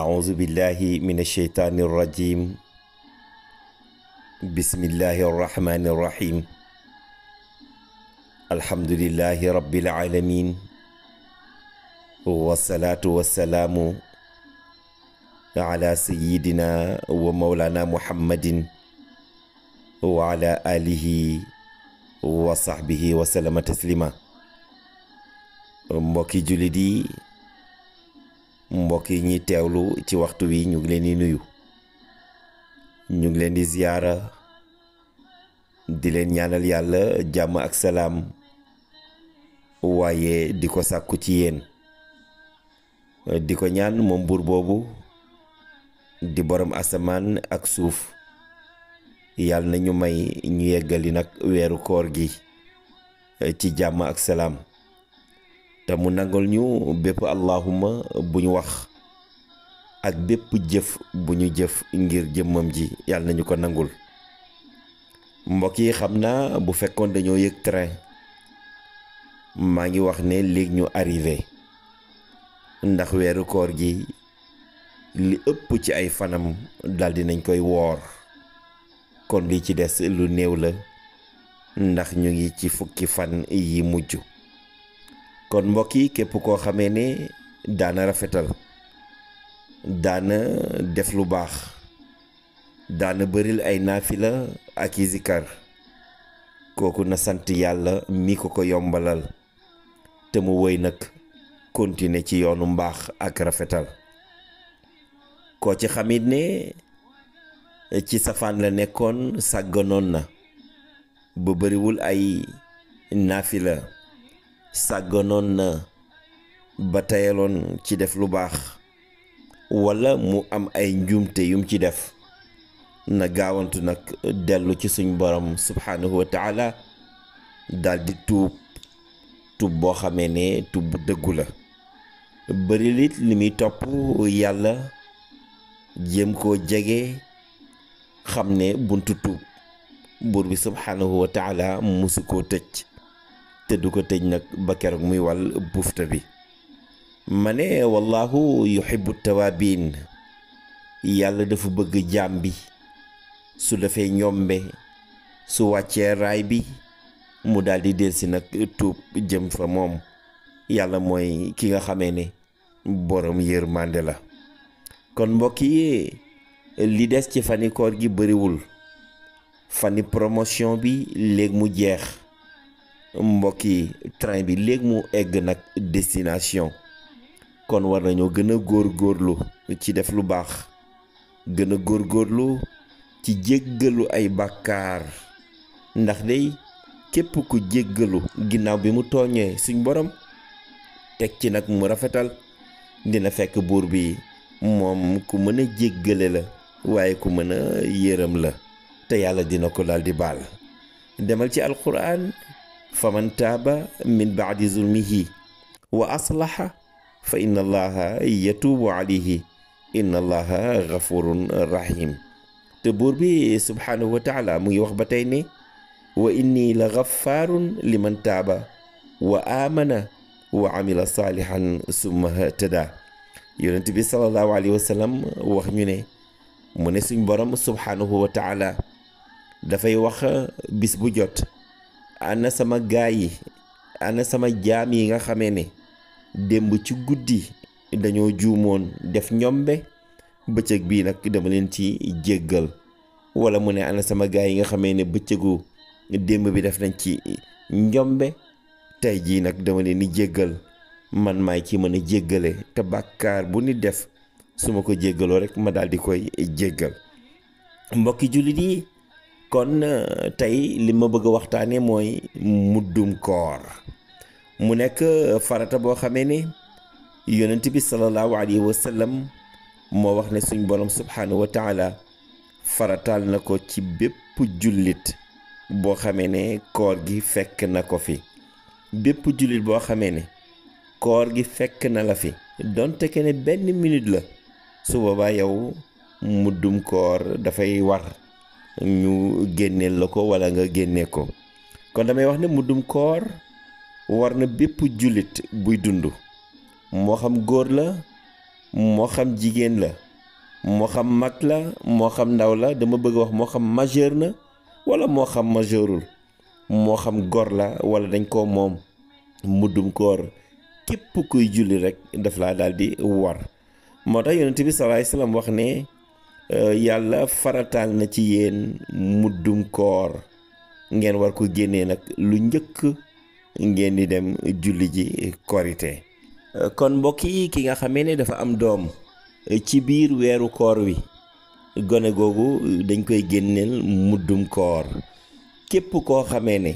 أعوذ بالله من الشيطان الرجيم بسم الله الرحمن الرحيم الحمد لله رب العالمين والصلاة والسلام على سيدنا ومولانا محمد وعلى آله وصحبه وسلم تسليما mbokki jullit yi mbokk yi ñuy teewlu ci waxtu wi ñu leen di nuyu ñu ngi leen di ziyaara di leen ñaanal yàlla jàmm ak salaam waaye di ko sàkku ci yéen di ko ñaan moom buur boobu di boroom asamaan ak suuf yàlla na ñu may ñu yeggali nag weeru koor gi ci jàmm ak salaam te nangul ñu bépp allahuma bu ñu wax ak bépp jëf bu ñu jëf ngir jëmmam ji yàlla nañu ko nangul mbokk yi xam naa bu fekkoon dañoo yëg train maa ngi wax ne léegi ñu arive ndax weeru koor gi li ëpp ci ay fanam daldi dinañ koy woor kon li ci des lu néew la ndax ñu ngi ci fukki fan yi mujj kon mbokk yi képp koo xamee ne daana rafetal daana def lu baax daana baril ay naafila ak i kooku na sant yàlla mi ko ko yombalal te mu wëy nag kontine ci yoonu mbaax ak rafetal koo ci xamit ne ci safaan la nekkoon sàgganoon na ba bariwul ay naafila sàgganoon na ba tayaloon ci def lu baax wala mu am ay njuumte yum ci def na gaawantu nag dellu ci suñu borom subhaanahu wa daldi daal tuub tub boo xamee ne tub dëggu la bëri lit li muy topp yàlla jéem koo jege xam ne buntu tuub buur bi subhaanahu wa taala musu koo tëj te du ko tëj nag ba keroog muy wal bufta bi ma ne wallahu yuhibbu tawaabiin yàlla dafa bëgg jaam bi su defee ñombe su wàccee raay bi mu daldi di nag tuub jëm fa moom yàlla mooy ki nga xamee ne borom mànde la kon mbokk yi li des ci fani koor gi bëriwul fani promotion bi léegi mu jeex mbokk yi train bi léegi mu egg nag destination kon war nañoo gën a góor góorgóorlu ci def lu baax gën a góor góorlu ci jéggalu ay bàkkaar ndax day képp ku jéggalu ginnaaw bi mu tooñee suñ borom teg ci nag mu rafetal dina fekk buur bi moom ku mën a jéggale la waaye ku mën a yërëm la te yàlla dina ko daal di baal demal ci alquran faman taaba min baadi zulmihi wa aslaha fa inna allaha yatuubu alayhi inna allaha gafurun rahim te buur bi subhaanahu wa taala mu ngi wax ba tey ne wa inni la gafaarun liman taaba wa amana wa amila saalihan summa htada yonent bi salallahu alayhi wa sallam wax ñu ne mu ne suñ borom subhaanahu wa taala dafay wax bis bu jot ana sama gaay yi ana sama jaam yi nga xamee ne démb ci guddi dañoo juumoon def ñombe bëccëg bii nag dama leen ci jéggal wala mu ne ana sama gaay yi nga xamee ne bëccëgu démb bi def nañ ci njombe tey jii nag dama leen di jéggal man maay ci mën a jéggale te bàkkaar bu ni def su ma ko jéggaloo rekk ma daal di koy jéggal mbokki jullit yi kon euh, tey li ma bëgg a waxtaanee mooy muddum koor mu nekk euh, farata boo xamee ne yonent bi sallallahu alayhi wa sallam moo wax ne suñ borom subhaanahu wa farataal na ko ci bépp jullit boo xamee ne koor gi fekk na ko fi bépp jullit boo xamee ne koor gi fekk na la fi donte ke benn minute la su boobaa yow muddum koor dafay war ñu génnee la ko wala nga génnee ko kon damay wax ne muddum koor war na bépp jullit buy dund moo xam góor la moo xam jigéen la moo xam mag la moo xam ndaw la dama bëgg wax moo xam majeur na walla moo xam majeurul moo xam góor la wala dañ koo moom muddum koor képp kuy julli rek daf laa daal war moo tax yonent bi sallallahu alayhi wasallam wax ne Euh, yàlla farataal na ci yéen muddum koor ngeen war ko génnee nag lu njëkk ngeen di dem julli ji korite euh, kon mbokk yi ki nga xame ne dafa am doom euh, ci biir weeru koor wi gone googu dañ koy génneel muddum koor képp koo xamee ne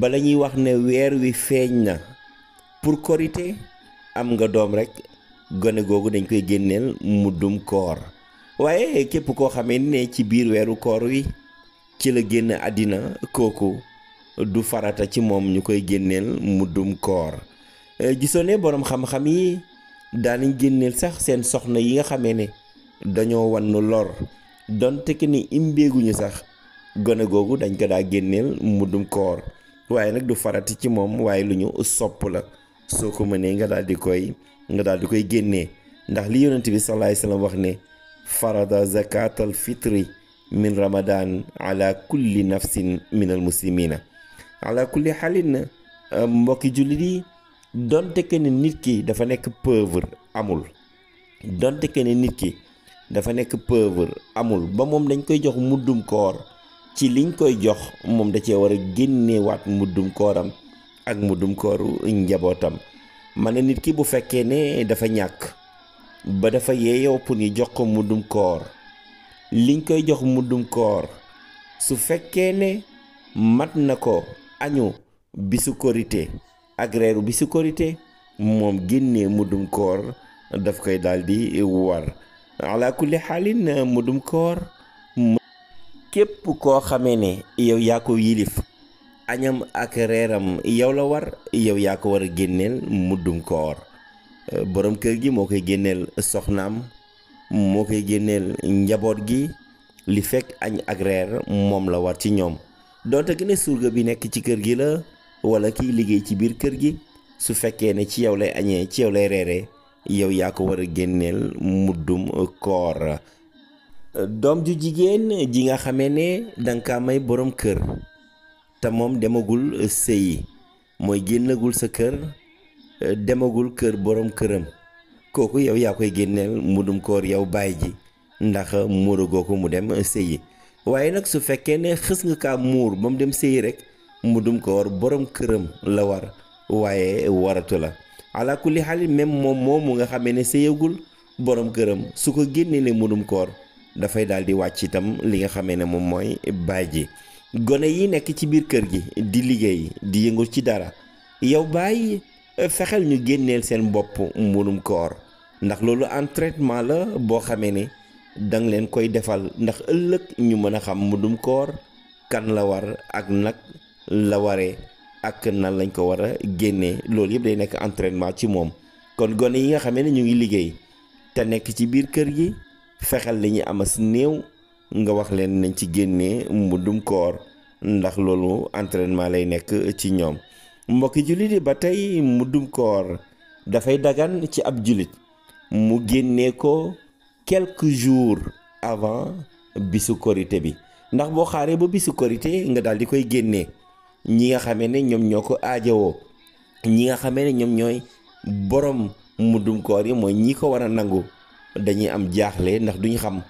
bala ñuy wax ne weer wi feeñ na pour korite am nga doom rekk gone googu dañ koy génneel muddum koor waaye képp koo xamee ne ci biir weeru koor wi ci la génn àddina kooku du farata ci moom ñu koy génneel muddum koor euh, gisoo ne boroom xam-xam yi daanañ génneel sax seen soxna yi nga xamee ne dañoo wann lor donte ki ni imbeeguñu sax gone googu dañ ko daa génneel muddum koor waaye nag du farata ci moom waaye lu ñu sopp la soo ko mën mënee nga daal di koy nga daal di koy génnee ndax li yonent bi sallallahu alayhi wasallam wax ne farada zakat al fitri min ramadan ala kulli nafsin min al muslimina ala kulli xaalin euh, mbokki jullit yi donte que ne nit ki dafa nekk pauvre amul nit ki dafa nekk pauvre amul ba moom dañ koy jox muddum koor ci liñ koy jox moom da cee war a génneewaat muddum kooram ak muddum kooru njabootam ma ne nit ki bu fekkee ne dafa ñàkk ba dafa yeeyoo pour ñu jox ko muddum koor liñ koy jox muddum koor su fekkee ne mat na ko añu bisu korité ak reeru bisu korité moom génnee muddum koor daf koy daldi war ala kulli xaalin muddum koor képp koo xamee ne yow yaa ko yilif añam ak reeram yow la war yow yaa ko war a génneel muddum koor borom kër gi moo koy génneel soxnaam moo koy génneel njaboot gi li fekk añ ak reer moom la war ci ñoom donte gën a surga bi nekk ci kër gi la wala kiy liggéey ci biir kër gi su fekkee ne ci yow lay añee ci yow lay reeree yow yaa ko war a génneel muddum koor doom ju jigéen ji nga xamee ne danga kaa may boroom kër te moom demagul sëyi mooy génnagul sa kër Euh, demagul kër borom këram kooku yow yaa koy génneel mudum koor yow bàyyi ji ndax muuragoo ko mu dem sëyi waaye nag su fekkee ne xës nga kaa muur ba mu dem sëyi rek mudum koor boroom këram la war waaye waratu la ala kulli xaalit même moom moomu nga xamee ne sëyagul boroom këram su ko génneele mudum koor dafay daal di wàcc itam li nga xamee ne moom mooy baay ji gone yi nekk ci biir kër gi di liggéey di yëngul ci dara yow baay Euh, fexeel ñu génneel seen bopp mburum koor ndax loolu entraînement la boo xamee ne danga leen koy defal ndax ëllëg ñu mën a xam mburum koor kan la war ak nag la waree ak nan lañ ko war a génnee loolu yëpp day nekk entraînement ci moom kon gone yi nga xamee ne ñu ngi liggéey te nekk ci biir kër gi fexeel li ñu amas néew nga wax leen nañ ci génnee mbudum koor ndax loolu entraînement lay nekk ci ñoom mbokki jullit yi ba tey muddum koor dafay dagan ci ab jullit mu génnee ko quelques jours avant bisu korité bi ndax boo xaaree ba bisu korité nga daal di koy génnee ñi nga xamee ne ñoom ñoo ko aajowoo ñi nga xame ne ñoom ñooy borom muddum koor yi mooy ñi ko war a nangu dañuy am jaaxle ndax duñu xam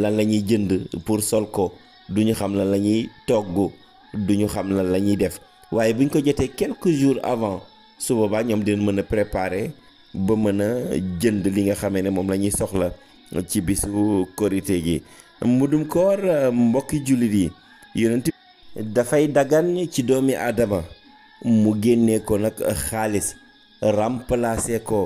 lan la ñuy jënd pour sol ko duñu xam lan la ñuy togg duñu xam lan la ñuy def waaye bu ñu ko jotee quelque jours avant su boobaa ñoom dinañ mën a préparer ba mën a jënd li nga xamee ne moom la ñuy soxla ci bisu korite gi mudum koor mbokki jullit yi yonent dafay dagan ci doomi aadama mu génnee ko nag xaalis remplacer ko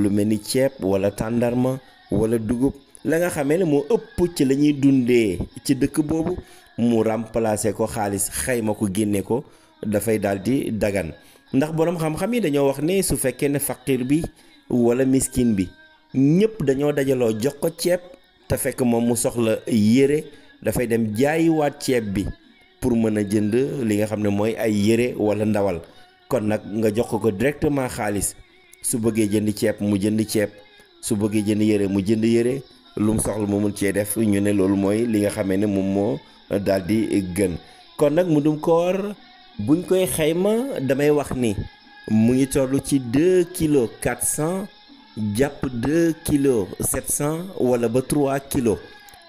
lu mel ni ceeb wala tàndarma wala dugub la nga xamee ne moo ëpp ci la ñuy dundee ci dëkk boobu mu remplacer ko xaalis xayma ko génne ko dafay daal di dagan ndax boroom xam-xam yi dañoo wax ne su fekkee ne faqir bi walla miskin bi ñëpp dañoo dajaloo jox ko ceeb te fekk moom mu soxla yére dafay dem jaayiwaat ceeb bi pour mën a jënd li nga xam ne mooy ay yére walla ndawal kon nag nga jox ko ko directement xaalis su bëggee jënd ceeb mu jënd ceeb su bëggee jënd yére mu jënd yére lu mu soxla mu mun cee def ñu ne loolu mooy li nga xame ne moom moo daal di gën kon nag mu dum koor buñ koy xayma damay wax ni mu ngi tollu ci deux kilo quatre jàpp deux kilos sept cent wala ba trois kilos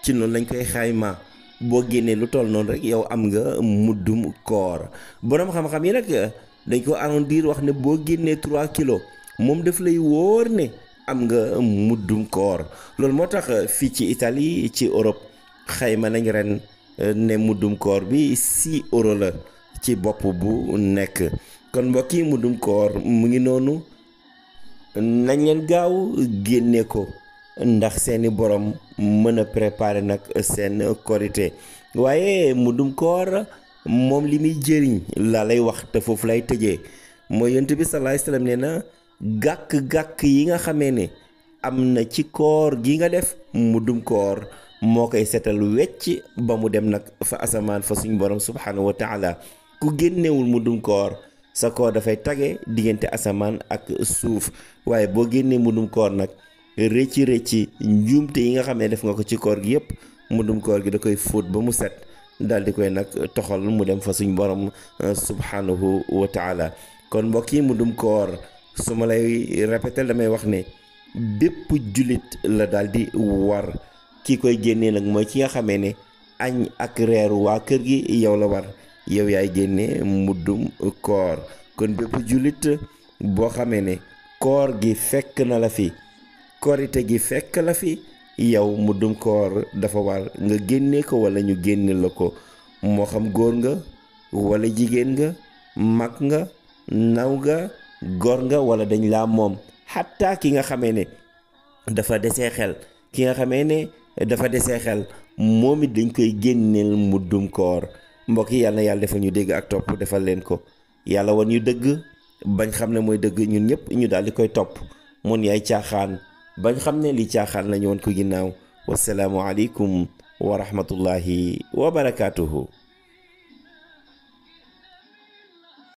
ci noonu lañ koy xayma boo génnee lu toll noonu rek yow am nga muddum koor boroom xam-xam yi rek dañ ko arrondir wax ne boo génnee trois kilos moom def lay wóor ne am nga muddum koor loolu moo tax fii ci Italie ci Europe xayma nañ ren eh, ne muddum koor bi six euros la. ci bopp bu nekk kon mbokk yi mudum koor mu ngi noonu nañ leen gaaw génne ko ndax seeni borom mën a préparer nag seen korité waaye mudum koor moom li muy jëriñ laa lay wax te foofu lay tëje mooy yonent bi sallallahu alayhi wasallam nee na gàkk-gàkk yi nga xamee ne am na ci koor gi nga def mudum koor moo koy seetal wecc ba mu dem nag fa asamaan fa suñ borom subhanahu wa taala ku génnewul mu dum koor sa koor dafay tage diggante asamaan ak suuf waaye boo génnee mu dum koor nag rëcci rëcci njuumte yi nga xam def nga ko ci koor gi yëpp mu koor gi da koy fóot ba mu set daal di koy nag toxal mu dem fa suñ borom euh, subhanahu wa taala kon mbokk yi mu dum koor su ma lay répété damay wax ne bépp jullit la daal di war ki koy génnee nag mooy ki nga xamee ne añ ak reeru waa kër gi yow la war yow yaay génne muddum koor kon bépp jullit boo xamee ne koor gi fekk na la fi korite gi fekk la fi yow muddum koor dafa war nga génne ko wala ñu génne la ko moo xam góor nga walla jigéen nga mag nga naw nga góor nga wala dañu laa moom xatta ki nga xamee ne dafa desee xel ki nga xamee ne dafa desee xel moom it dañ koy génneel muddum koor mbokk yi yàlla na yàlla defal ñu dégg ak topp defal leen ko yàlla wan ñu dëgg bañ xam ne mooy dëgg ñun ñëpp ñu daal di koy topp mun yaay caaxaan bañ xam ne li caaxaan la ñu wan ko ginnaaw wasalaamualeykum wa rahmatullahi wa barakaatuhu.